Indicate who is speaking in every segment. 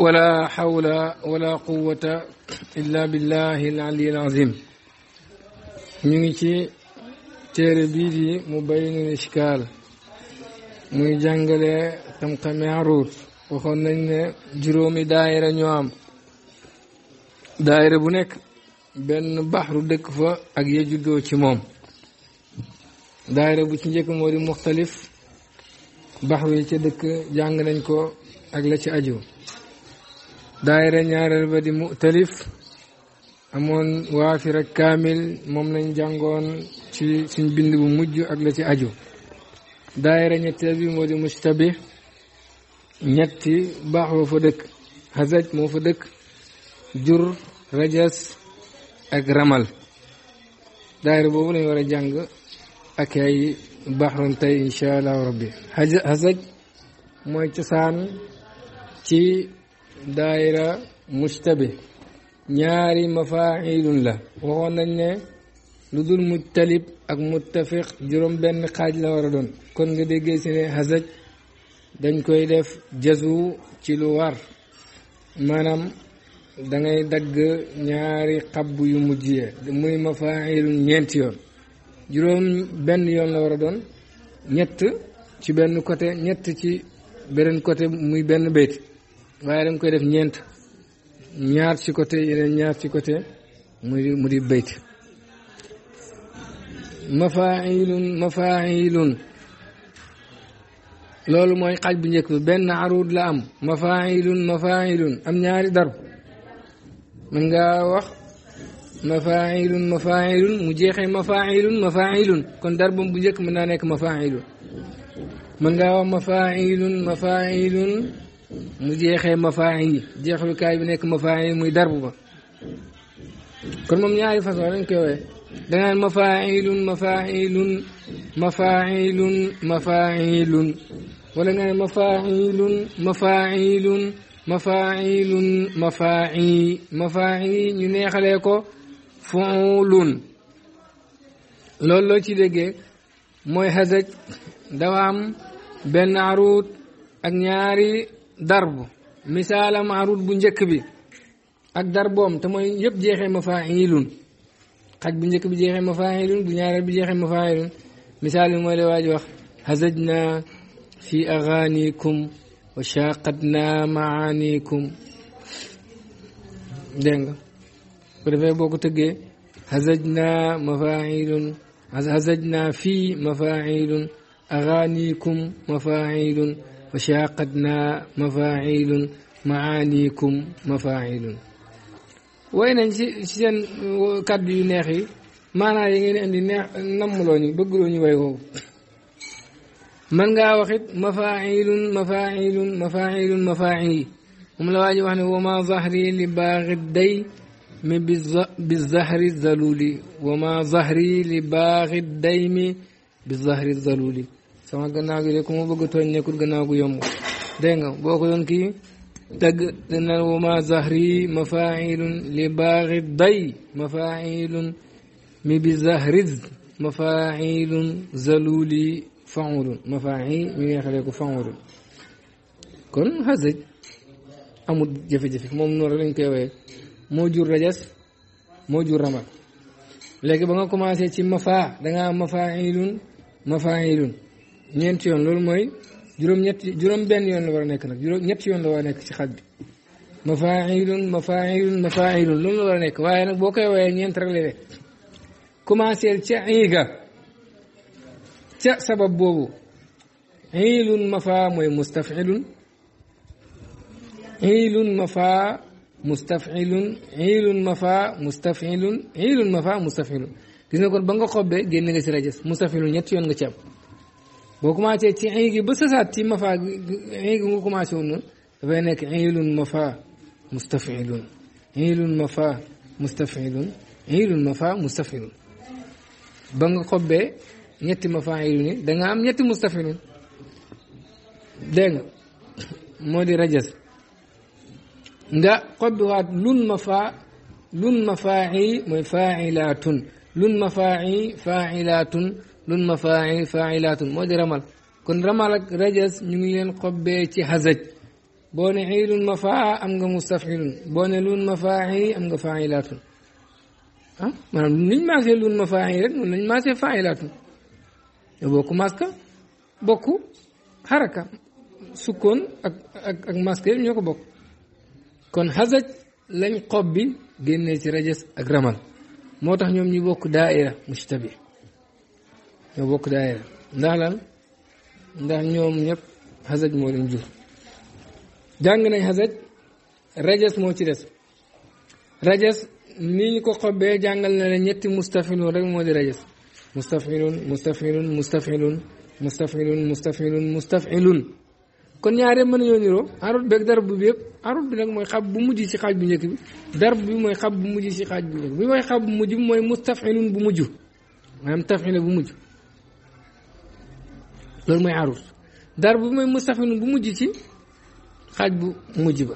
Speaker 1: wala xawla wala quwata illa billahi alali alazim ñu ngi ci téere bii mu bayyinul ishkaal muy jàngale xam-xame aruut waxoon nañ ne juróomi daayira ñoo am daayira bu nekk benn baxru dëkk fa ak ya juddoo ci moom daayira bu ci njëkk moo di muxtalif baxru yi ca dëkk jàng nañ ko ak la ci aju daayira ñaareel ba di amoon waafir ak kaamil moom lañ jàngoon ci suñ bind bu mujj ak la ci aju daayira ñetteel bi moo di ñetti baax wa fa dëkk hazaj moo fa dëkk jur rajas ak ramal daayira boobu lañ war a jàng ak ay baaxoon tey incha allahu rabbi hazaj mooy cosaan ci daayira mustabi ñaari mafailun la waxoon nañ ne lu dul mujtalib ak muttafiq juróom benn xaaj la war a doon kon nga déggee si ne hasaj dañ koy def jazu ci lu war maanaam dangay dagg ñaari xab yu mujj mujjee muy mafailun ñeenti yoon juróom benn yoon la war a doon ñett ci benn côté ñett ci beneen côté muy benn béyti waaye da nga koy def ñeent ñaar ci côté ñaar ci côté mu di mu di bayt mafailun mafailun loolu mooy xaaj bu njëkk bi benn aruud la am mafailun mafailun am ñaari darb mën ngaa wax mafailun mafailun mu jeexee mafailun mafailun kon darbam bu njëkk mën naa nekk mafailun mën ngaa wax mafailun mafailun mu jeexee mafaayin yi jeexlukaay bi nekk mafaayin yi muy darbu ba kon moom ñaari façon lañ koy wooyee danaan mafaayilun mafaayilun mafaayilun mafaayilun wala nga ne mafaayilun mafaayilun mafaayilun mafaayi ñu neexalee ko fuulun loolu loo ci déggee mooy xasaj dafa am benn aruut ak ñaari darbu misaalam arut bu njëkk bi ak darboom te mooy yëpp jeexee mafaa'ilun xaj bu njëkk bi jeexee mafaa'ilun bu ñaareel bi jeexee mafaa'ilun misaal wax hazajna fi aghanikum wa shaqatna maanikum fi mafaa'ilun aghanikum mafaa'ilun وشاقتنا مفاعيل معانيكم مفاعيل وين شن كاد ينهي ما انا يغي اندي نملوني بغلوني ويو من غا واخيت مفاعيل مفاعيل مفاعيل مفاعيل هم لا واجي واخني وما ظهري لباغ الدي من بالزهر الزلولي وما ظهري لباغ الديم بالظهر الزلولي sama gannaaw gi de ku ma bëgg tooñ nekkul gannaaw gu yomb dégg nga boo ko doon kii tagg dana wama zahri mafailun li baaxi day mafailun mi bi zahriz mafailun zaluli faulun mafail ñu neexalee ko faulun kon xasaj amul jafe-jafe moom noonu lañ koy wooye moo jur rajas moo jur ramal léegi ba nga commencé ci mafa da nga am mafailun mafailun ñeenti yoon loolu mooy juróom-ñetti juróom-benn yoon la war a nekk nag juróom ñetti yoon la war a nekk ci xaj bi mafailun mafailun mafailun loolu la war a nekk waaye nag boo koy woowee ñeent rek lay nekk commencé ca iiga ca sabab boobu iilun mafa mooy mustafilun iilun mafa mustafilun iilun mafa mustafilun iilun mafa mustafilun gis nga kon ba nga xobbee génn nga si rajas mustafilun ñetti yoon nga ci am boo commencé ci in gi ba sësaat ci mafa in gi nga commencé woon noonu dafay nekk inilun mafa mustafilun inilun mafa mustafilun inilun mafa mustafilun ba nga xobbee ñetti mafa ilun yi da nga am ñetti mustafilun dégg nga moo di rajas nga xobbiwaat lun mafa lun mafaai mooy failatun lun mafaai failatun lun ma faa faailaatun moo di ramal kon ramal ak rajas ñu ngi leen xobbee ci hazaj boo ne ma faa am nga mustafilun boo ne lun ma faa am nga faailaatun ah lun ma faa rek noonu lañ maasee faailaatun te bokku maska bokku xaraka sukkoon ak ak ak maska yëpp ñoo ko bokk kon hazaj lañ xob bi génnee ci rajas ak ramal moo tax ñoom ñu bokk daaira mushtabi ñoo bokk daayira ndax lan ndax ñoom ñëpp xasaj moo leen jur jàng nañ xasaj rajas moo ci des rajas nii ñu ko xobbee jàngal na ne ñetti mustafilun rek moo di rajas mustafilun mustafilun mustafilun mustafilun mustafilun mustafilun kon ñaare mën nañoo niroo arut beeg darab bi yëpp arut bi nag mooy xab bu mujj ci xaaj bu njëkk bi darab bi mooy xab bu mujj ci xaaj bu njëkk bi mooy xab bu mujj bi mooy mustafilun bu mujj maanaam tafila bu mujj loolu mooy arus dar bu mooy mustafinu bu mujj ci xaaj bu mujj ba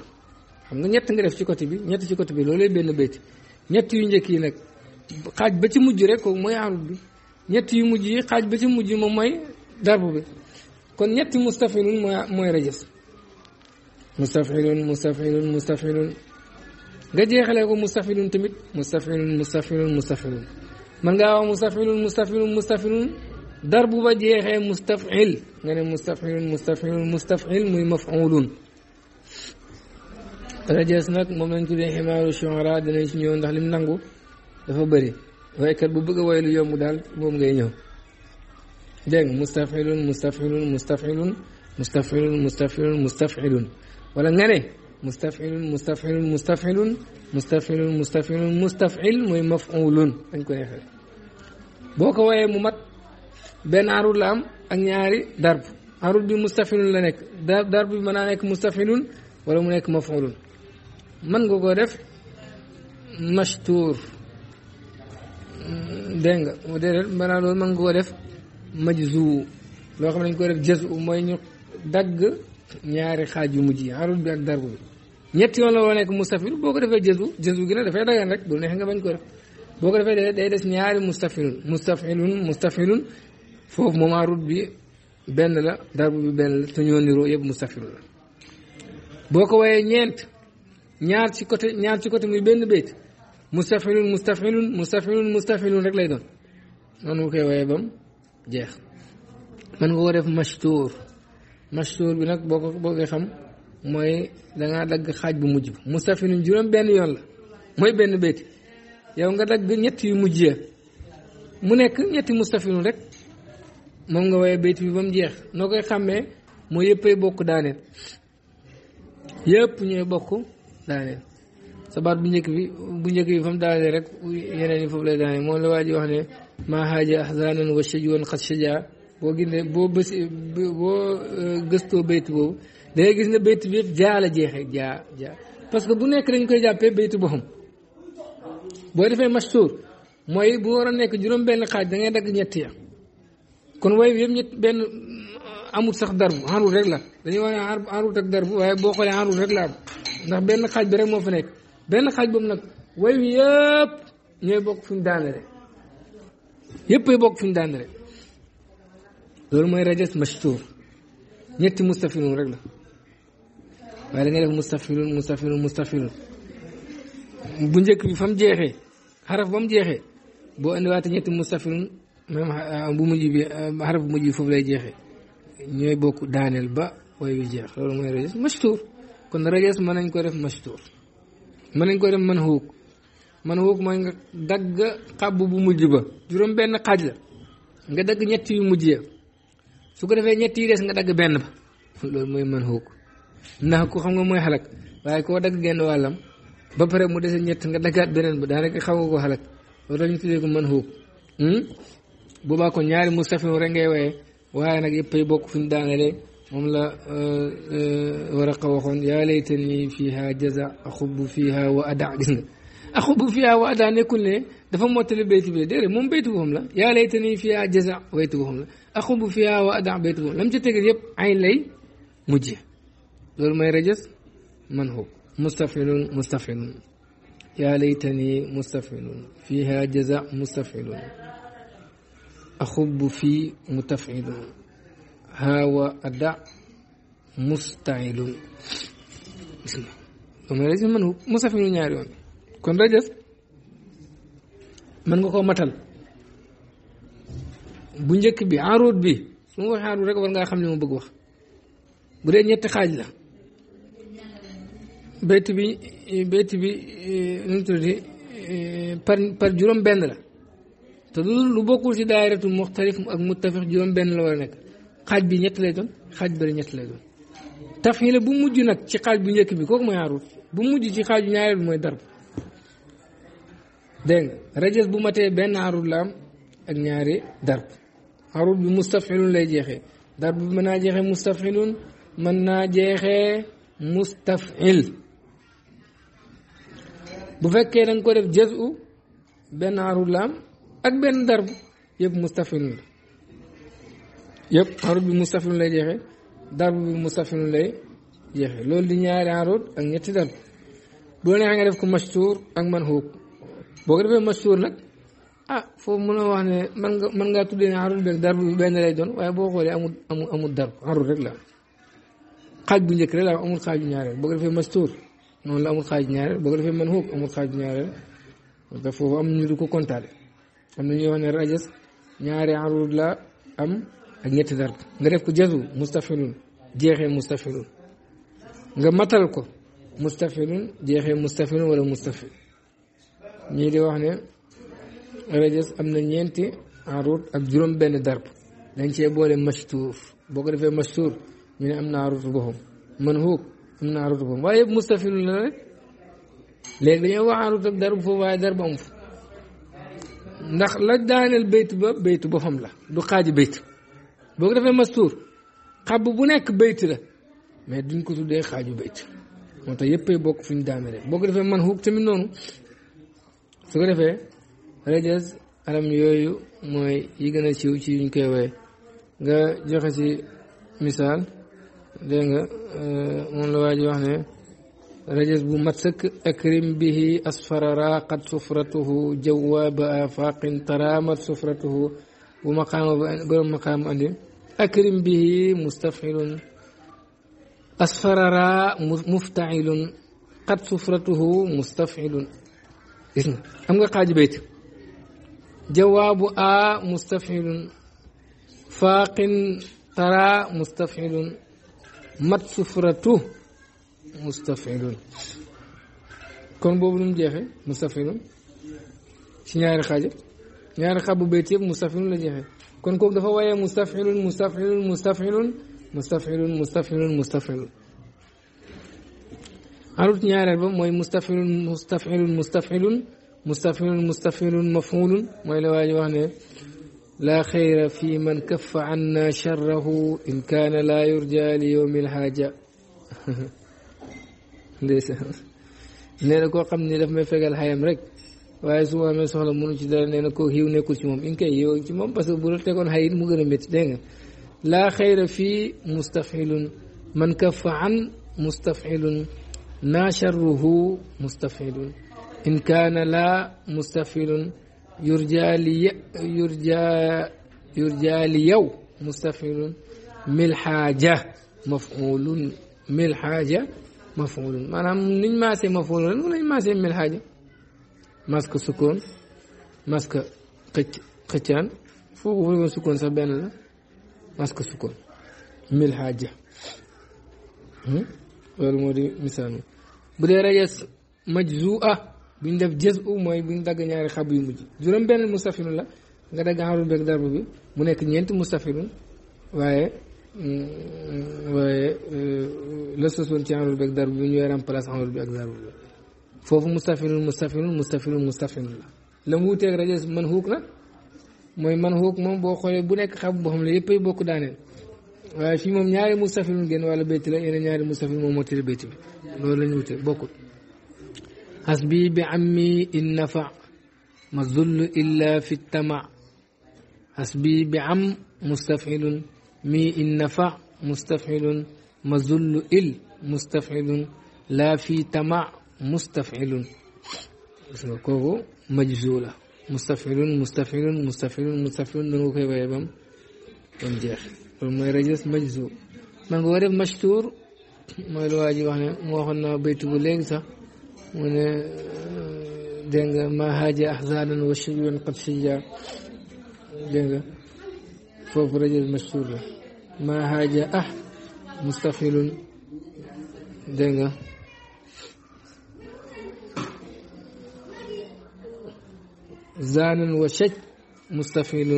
Speaker 1: xam nga ñett nga def ci côté bi ñett ci côté bi loolooy benn béyti ñett yu njëkk yi nag xaaj ba ci mujj rek kooku mooy arus bi ñett yu mujj yi xaaj ba ci mujj moom mooy darbu bi kon ñetti mustafilun mooy mooy rajas mustafilun mustafilun mustafilun nga jeexalee ko mustafilun tamit mustafilun mustafilun mustafilun man ngaa wax mustafilun mustafilun mustafilun ضرب وديها مستفعل يعني مستفعل مستفعل مستفعل مفعول رجس نك مومن تو دي حمار الشعراء دنيش نيو ندخ لم نانغو دا فا بري واي كات بو بوجا ويلو يوم دال موم غاي نيو دنج مستفعل مستفعل مستفعل مستفعل مستفعل مستفعل ولا ناني مستفعل مستفعل مستفعل مستفعل مستفعل مستفعل مفعول نكو يخل بوكو واي مو benn arut la am ak ñaari darb arut bi mustafilun la nekk darb bi mën naa nekk mustafilun wala mu nekk mafulun mën nga koo def mashtuur mm, dégg nga déedéet mën naa loolu koo def majzuu loo xam ne dañ koy def jazu mooy ñu dagg ñaari xaaj yu mujj yi arut bi ak bi ñett yoon la war a nekk mustafil boo ko defee jazu jazu gi nag dafay dagan rek bu neexee nga bañ ko def boo ko defee day des ñaari mustafilun mustafilun mustafilun foofu moom arut bi benn la darbu bi benn la te ñoo niroo yëpp mustafiru la boo ko wayee ñeent ñaar ci côté ñaar ci côté muy benn béyt mustafilun mustafilun mustafilun mustafilun rek lay doon noonu nga koy wayee bam jeex mën nga ko def mashtuur mashtuur bi nag boo ko bëggee xam mooy dangaa dagg xaaj bu mujj ba mustafilun juróom benn yoon la mooy benn béyt yow nga dagg ñett yu mujj mu nekk ñetti mustafilun rek moom nga woyee bayt bi ba mu jeex noo koy xàmmee moo yëppay bokk daaneel yëpp ñooy bokk daaneel sabaat bu njëkk bi bu njëkk bi fa mu daaneel rek yeneen yi foofu lay moom la waa ji wax ne maa haaja ahzanan wa shajwan xat shaja boo gindee boo bës boo euh, gëstoo bayt boobu da gis ne bayt bi yëpp jaa la jeexee jaa jaa parce que bu nekk dañ koy jàppee baytu boxam boo defee mashtuur mooy bu war a nekk juróom benn xaaj da ngay dagg ñett ya kon way bi yëpp ñett benn amul sax darbu xarul rek la dañuy wax ne xarut ak darbu waaye boo xoolee xarul rek laa am ndax benn xaaj bi rek moo fa nekk benn xaaj boobu nag way bi yëpp bokk fi mu yëpp ay bokk fi mu loolu mooy rajas mashtur ñetti mustafilun rek la waaye da ngay def mustafilun mustafilun bu njëkk bi fa mu jeexee xaraf ba mu jeexee boo indiwaatee ñetti mustafilun maanaam euh, bu mujj bi euh, xaraf bu mujj bi foofu lay jeexee ñooy bokk daaneel ba way bi jeex loolu mooy rajas mashtuur kon rajas mën nañ koo def mashtuur mën nañ koo def man xuuk man xuuk mooy bu mujj ba juróom xaaj la nga dagg ñett yu su ko defee ñett yi nga dagg benn loolu mooy man xuuk ndax ku xam nga mooy xalak waaye koo dagg genn wàllam ba pare mu desee ñett nga daggaat beneen ba daanaka xaw nga ko xalak loolu tax ñu tuddee ko man xuuk hmm? boobaa ko ñaari mustafin rek ngay woye waaye nag yëpp ay bokk fi ñu daanale moom la waraqa waxoon yaa laytani fiha jaza axubu fiha wa ada gis nga axubu fiha wa ada nekkul ne dafa mottali bayti bi déedéet moom baytu boxam la yaa laytani fiha jaza baytu boxam la axubu fiha wa ada baytu boxam lam ci tegel yëpp ay lay mujje loolu mooy rajas man hub mustafilun mustafilun yaa laytani mustafilun fiha jaza mustafilun أخب في متفعل هاوى أدع مستعل وما ليس من هو ñaari yoon kon rajas mën nga koo matal bu njëkk bi aaróot bi su ma waxee aaróot rek war ngaa xam ne ma bëgg wax bu dee ñetti xaaj la bayt bi bayt bi nu mu par juróom benn la te loolu lu bokkul si daayiratul muxtalif ak muttafix juróom benn la war a nekk xaaj bi ñett lay doon xaaj bëri ñett lay doon tafxiila bu mujj nag ci xaaj bu njëkk bi kooku mooy arut bu mujj ci xaaj bu ñaareel bi mooy darb dégg nga rajas bu matee benn arut la ak ñaari darb arut bi mustafilun lay jeexee darb bi mën naa jeexee mustafilun mën naa jeexee mustafil bu fekkee da ko def jazu benn arut la ak benn darbu yëpp mustafilun yëpp xarut bi mustafilun lay jeexee darbu bi mustafilun lay jeexee loolu di ñaari xarut ak ñetti darbu boo neexee nga def ko mastuur ak manxuuk boo ko defee mastuur nag ah foofu mën a wax man nga mën ngaa tuddee ne xarut beeg darbu benn lay doon waaye boo xoolee amul amul amul darbu xarut rek la bu njëkk rek la amul xaaju ñaareel boo ko noonu la amul xaaju ñaareel boo ko defee manxuuk amul xaaju ñaareel parce que foofu am ñu du ko kontaale am na ñuy wax ne rajas ñaari arud la am ak ñetti darb ko jazu mustafilun jeexee mustafilun nga matal ko mustafilun jeexee mustafilun wala mustafil ñii de wax ne rajas am na ñeenti arud ak juróom benn darb dañ cee boole mastuuf boo ko defee mastuur ñu am na arud boppam man huuk am na arud boppam waaye yëpp la rek léegi dañoo wax arud ak darb foofu waaye am fa ndax la daaneel bayt ba baytu boppam la du xaaji bayt boo ko defee mastuur xab bu nekk bayt la mais duñ ko tuddee xaaju bayt moo tax yëppay bokk fuñ daanale boo ko defee man xuub tamit noonu su ko defee rajas alam yooyu mooy yi gën a siiw ci yuñ koy woye nga joxe ci misaal dégg nga moom la waa ji wax ne rajas bu mat sëkk akrim bihi asfara raaqat sufratuhu jawaaba afaqin taraamat sufratuhu bu maqaama borom maqaama andi akrim bihi mustafilun asfara raa muftailun qad sufratuhu mustafilun gis nga am nga xaaji bayt jawaabu a mustafilun faaqin tara mustafilun mat sufratuhu مستفعل كون بوبو نم جيخي مستفعل شي نياري خاج نياري خاب بيت ييب مستفعل لا جيخي كون كوك دافا وايي مستفعل مستفعل مستفعل مستفعل مستفعل مستفعل عرفت نياري با موي مستفعل مستفعل مستفعل مستفعل مستفعل مفعول موي لا واجي واخني لا خير في من كف عنا شره ان كان لا يرجى ليوم الحاجه ليس نينا كو خامني داف مي فغال حيام رك واي سوما مي سوخلا مونو سي دار نينا كو هيو نيكو سي موم انكاي يو سي موم باسكو بول تيكون حي مو غنا ميت دنگ لا خير في مستفعل من كف عن مستفعل نا شره مستفعل ان كان لا مستفعل يرجى لي يرجى يرجى ليو مستفعل ملحاجة مفعول ملحاجة mafuulun maanaam niñ maasee mafuulun mun nañ maasee mel xaaja maska sukkoon maska xëcc xëccaan foofu foofu sukkoon sax benn la maska sukkoon mel xaaja loolu moo di misaal mi bu dee rajas majzua buñ def jës u mooy buñ dagg ñaari xab yu mujj juróom benn mustafirun la nga dagg xarul beeg darba bi mu nekk ñeenti mustafirun waaye waaye la sosoon ci amul bi ak dar bi bu ñu weer am place amul bi ak dar bi foofu mustafilun mustafilun mustafilun mustafilun la la mu wuteeg rajo man xuuk nag mooy man xuuk moom boo xoolee bu nekk xam boo xam ne yëppay bokk daaneel waaye fii moom ñaari mustafilun génn wàllu béyti la yeneen ñaari mustafil moom moo tëdd béyti bi loolu la ñu wutee bokkul hasbi bi ammi in nafa ma zull illa fi tama hasbi bi am mustafilun مي إن نفع مستفعل مزل إل مستفعل لا في تمع مستفعل كوغو مجزولة مستفعل مستفعل مستفعل مستفعل دنو كي بيبم ونجيخ يرجس مجزول من غورب مشتور ما lu waa ji wax ne moo waxoon naa baytu bu léegi sax mu ne dégg nga ma فوفو رجل مشهور ما هاجا أح مستخيل دنجا زان وشج مستفيل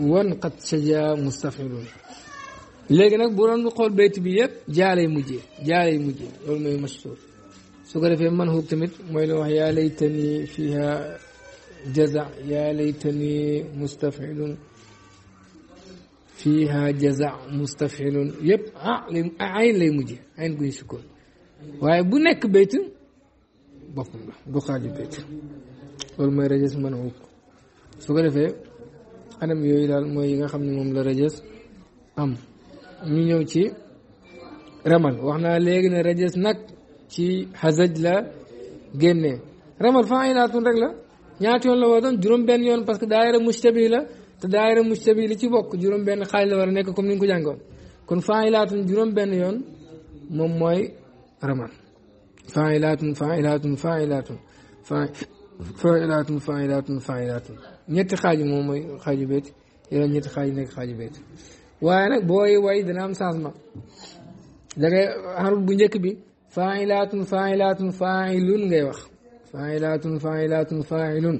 Speaker 1: وان قد شجا مستفيل لكن نك بوران بقول بيت بيب جالي مجي جالي مجي لول مي مشهور سوغر في من هو تمت موي يا ليتني فيها جزع يا ليتني مستفعل fiiha jaza mustafilun yëpp ah lay ayn lay mujje ayn guñ sukkoon waaye bu nekk bayt boppam la du xaaju bayt loolu mooy rajas mën a wukk su ko defee anam yooyu daal mooy yi nga xam ni moom la rajas am ñu ñëw ci ramal wax naa léegi ne rajas nag ci xasaj la génnee ramal fa aynaatun rek la ñaata yoon la war doon juróom benn yoon parce que daayira mustabi la te daayira mustabi li ci bokk juróom benn xaaj la war a nekk comme ni ñu ko jàngoon kon faa'ilaatun juróom benn yoon moom mooy ramal faa'ilaatun faa'ilaatun faa'ilaatun faa'ilaatun faa'ilaatun faa'ilaatun ñetti xaaj moom mooy xaaju béyt xaaju béyt waaye nag booy way dana am changement da ngay xarut bu njëkk bi faa'ilaatun faa'ilaatun faa'ilun ngay wax faa'ilaatun faa'ilaatun faa'ilun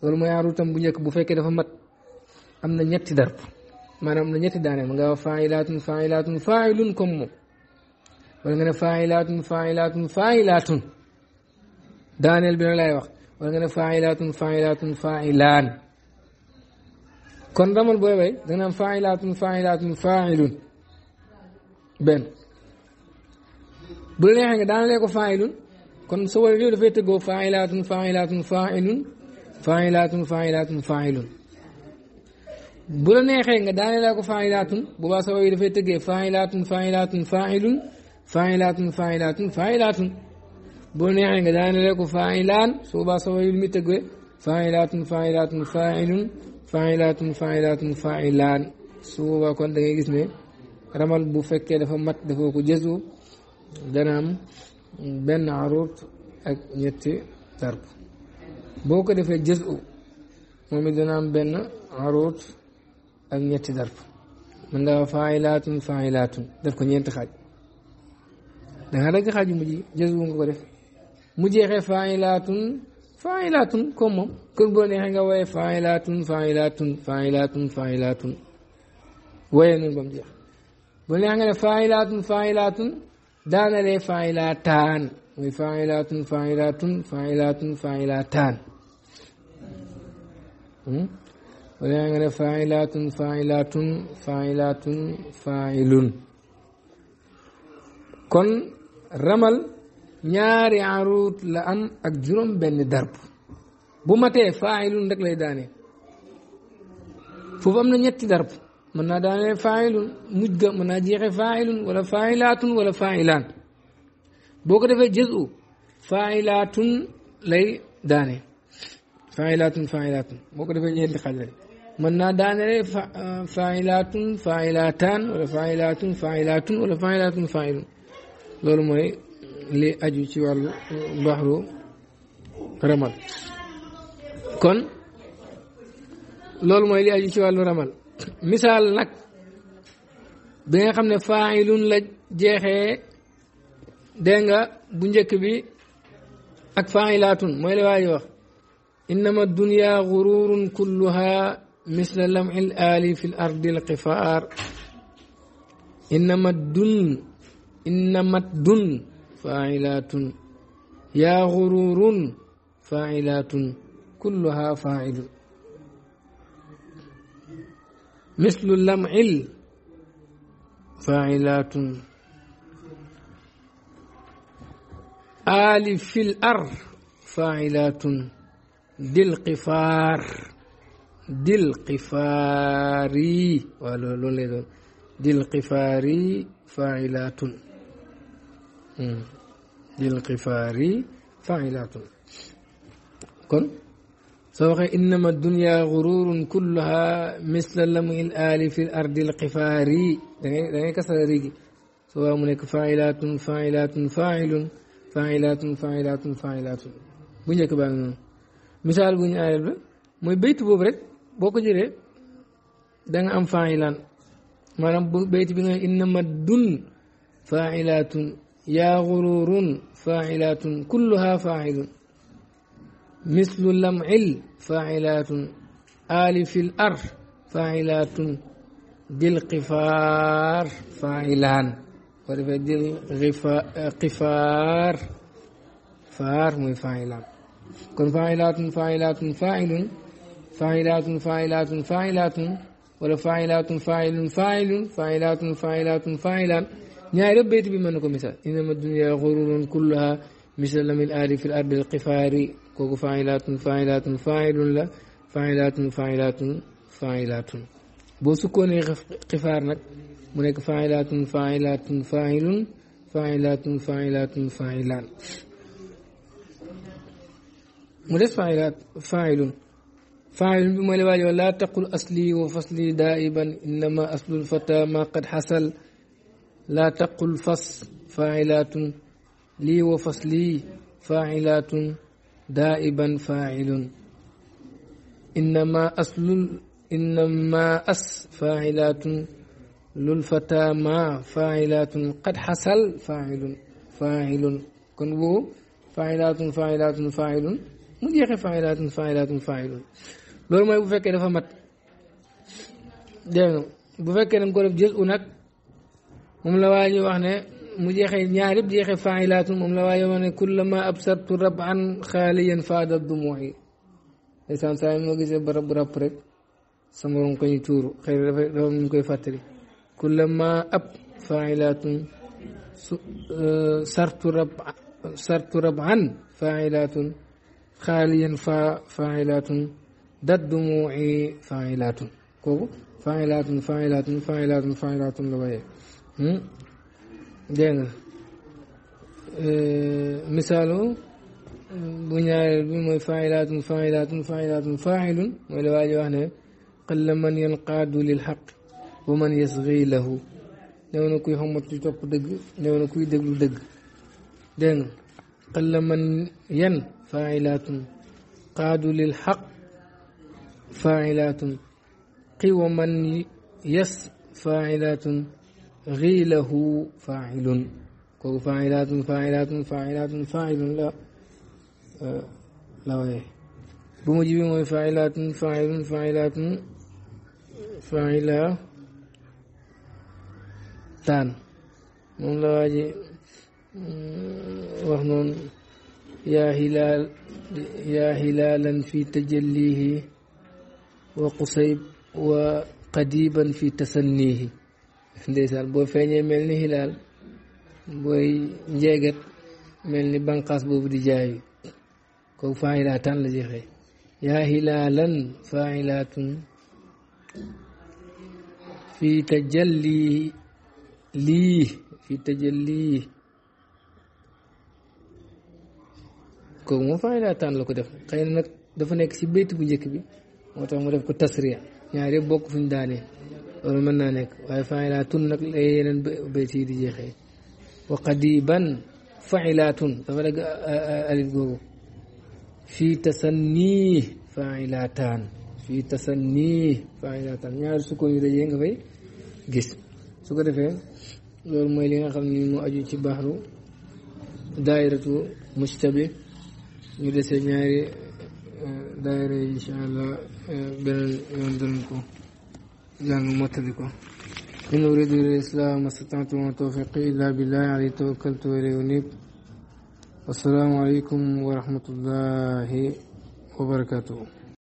Speaker 1: loolu mooy xarutam bu njëkk bu fekkee dafa mat am na ñetti darb maanaam am na ñetti daane ma nga wax faa'ilaatun faa'ilaatun faa'ilun comme moom wala nga ne faa'ilaatun faa'ilaatun faa'ilaatun daaneel bi laay wax wala nga ne faa'ilaatun faa'ilaatun faa'ilaan kon ramal booy bay danga am faa'ilaatun faa'ilaatun faa'ilun benn bu la neexee nga daanelee ko faa'ilun kon sa woy yooyu dafay tëggoo faa'ilaatun faa'ilaatun faa'ilun faa'ilaatun faa'ilaatun faa'ilun bu la neexee nga daane laa ko faa'ilaatun bu baa sabab yi dafay tëggee faa'ilaatun faa'ilaatun faa'ilun faa'ilaatun faa'ilaatun faa'ilaatun bu la neexee nga daane laa ko faa'ilaan su boobaa sabab yi mi tëggee faa'ilaatun faa'ilaatun faa'ilun faa'ilaatun faa'ilaatun faa'ilaan su boobaa kon da ngay gis ne ramal bu fekkee dafa mat dafoo ko jëzu dana benn aruut ak ñetti tark boo ko defee jëzu moom it dana benn aruut ak ñetti darf mën nga faa'ilaatun faa'ilaatun def ko ñeenti xaaj da nga dagg xaaju mujj jës bu nga ko def mu jeexee faa'ilaatun faa'ilaatun comme moom kër boo neexee nga wooyee faa'ilaatun faa'ilaatun faa'ilaatun faa'ilaatun wooyee noonu ba mu jeex boo neexee nga ne faa'ilaatun faa'ilaatun daanalee faa'ilaataan muy faa'ilaatun faa'ilaatun faa'ilaatun faa'ilaataan hmm? wala nga ne failatun failatun failatun kon ramal ñaari aruut la am ak juróom darb bu matee failun rek lay daane foofu am na ñetti darb mën na daane failun mujj ga mën naa jeexe wala failatun wala failaan boo ko defee jëzu failatun lay daane failatun failatun boo ko defee ñeenti xaaj rek mën naa daanele fa euh, failatun failataan wala failatun failatun wala failatun failun loolu mooy li aju ci wàllu euh, baxru ramal kon loolu mooy li aju ci wàllu ramal misaal nag bi nga xam ne failun la jeexee dégg nga bu njëkk bi ak failatun mooy la waaji wax innama dunya gururun kulluha مثل لمع الآل في الأرض القفار إنما الدن إنما الدن فاعلات يا غرور فاعلات كلها فاعل مثل لمع فاعلات آل في الأرض فاعلات ذي القفار دل قفاري دل قفاري فاعلات دل قفاري فاعلات كن سوف إنما الدنيا غرور كلها مثل لم الآل في الأرض القفاري دعني كسر ريجي سوى منك فاعلات فاعلات فاعل فاعلات فاعلات فاعلات بنيك بعدين مثال بني آل بيت بوبرت boo ko jëlee da nga am faa'ilaan maanaam bu bayt bi nga innama dun faa'ilaatun yaa gururun faa'ilaatun kulluha faa'ilun mislu lam'il faa'ilaatun alifil ar faa'ilaatun dil qifaar faa'ilaan boo defee dil qifaar faar muy faa'ilaan kon faa'ilaatun faa'ilaatun faa'ilun فاعلات فاعلات فاعلات ولا فاعلات فاعل فاعل فاعلات فاعلات فاعلا نهاية ربيت بما نكون مثال إنما الدنيا غرور كلها مثل لم الآل في الأرض القفار كوكو فاعلات فاعلات فاعل لا فاعلات فاعلات فاعلات بو سكون قفارنا منك فاعلات فاعلات فاعل فاعلات فاعلات فاعلان مدس فاعلات فاعلون فاعلات فاعلات فاعلات فاعلات فاعلات فاعلات فاعلات فاعل بما لواجب لا تقل أصلي وفصلي دائبا إنما أصل الفتى ما قد حصل لا تقل فص فاعلات لي وفصلي فاعلات دائبا فاعل إنما أصل إنما أس فاعلات للفتى ما فاعلات قد حصل فاعل فاعل كن فاعلات فاعلات فاعل مجيخ فاعلات فاعلات فاعل, فاعل, فاعل, فاعل loolu mooy bu fekkee dafa mat dégg bu fekkee da nga ko def jës u nag moom la waa ñuy wax ne mu jeexee ñaar yëpp jeexee faa'ilaatun moom la waa ñuy wax ne kullama absartu rab'an xaaliyan faada dumuu'i ndeysaan saa yi moo gisee barab bu ràpp rek sama moom ko ñu tuuru xëy na dafay dafa ñu koy fàttali kullama ab faa'ilaatun su sartu rab sartu rab'an faa'ilaatun xaaliyan fa faa'ilaatun دالدموع فاعلات كوغ فاعلات فاعلات فاعلات فاعلات لوي دين اه مثال بنيا بما فاعلات فاعلات فاعلات فاعل ولواج هنا قل من ينقاد للحق ومن يصغي له نونو كوي همت تي توب دغ نونو كوي دغلو دغ دين قل من ين فاعلات قاد للحق فاعلات قوما يس فاعلات غيله فاعل كو فاعلات فاعلات فاعلات فاعل لا آه، لا ويه فاعلات فاعل فاعلات فاعلا تان من لا واجي آه، وحنون يا هلال يا هلالا في تجليه wa qusayb wa qadiban fi tasannihi boo feeñee mel ni hilaal booy njeegat mel ni banqaas boobu di jaay kooku faailaatan la jeexee yaa hilaalan faailaatun fi tajalli lii fi tajalli kooku moom faailaatan la ko def nag dafa nekk ci béyt bu njëkk bi moo tax mu def ko tasriya ñaar yëpp bokk mën naa nekk waaye failaatun nag lay yeneen bayt yi di jeexee wa qadiban failaatun dafa dagg alif googu fii tasannii failaataan fii tasannii failaataan ñaari sukkoon yu dajee nga fay gis su defee loolu mooy li nga xam ne aju ci baxru daayiratu mushtabih ñu desee ñaari euh, daayira insha allah beneen yoon danañ ko jàng mottali ko in uridu ila islam mastata'tu wa tawfiqi illa billahi alayhi tawakkaltu wa ilayhi unib wassalaamu alaykum wa rahmatullahi wa barakatuhu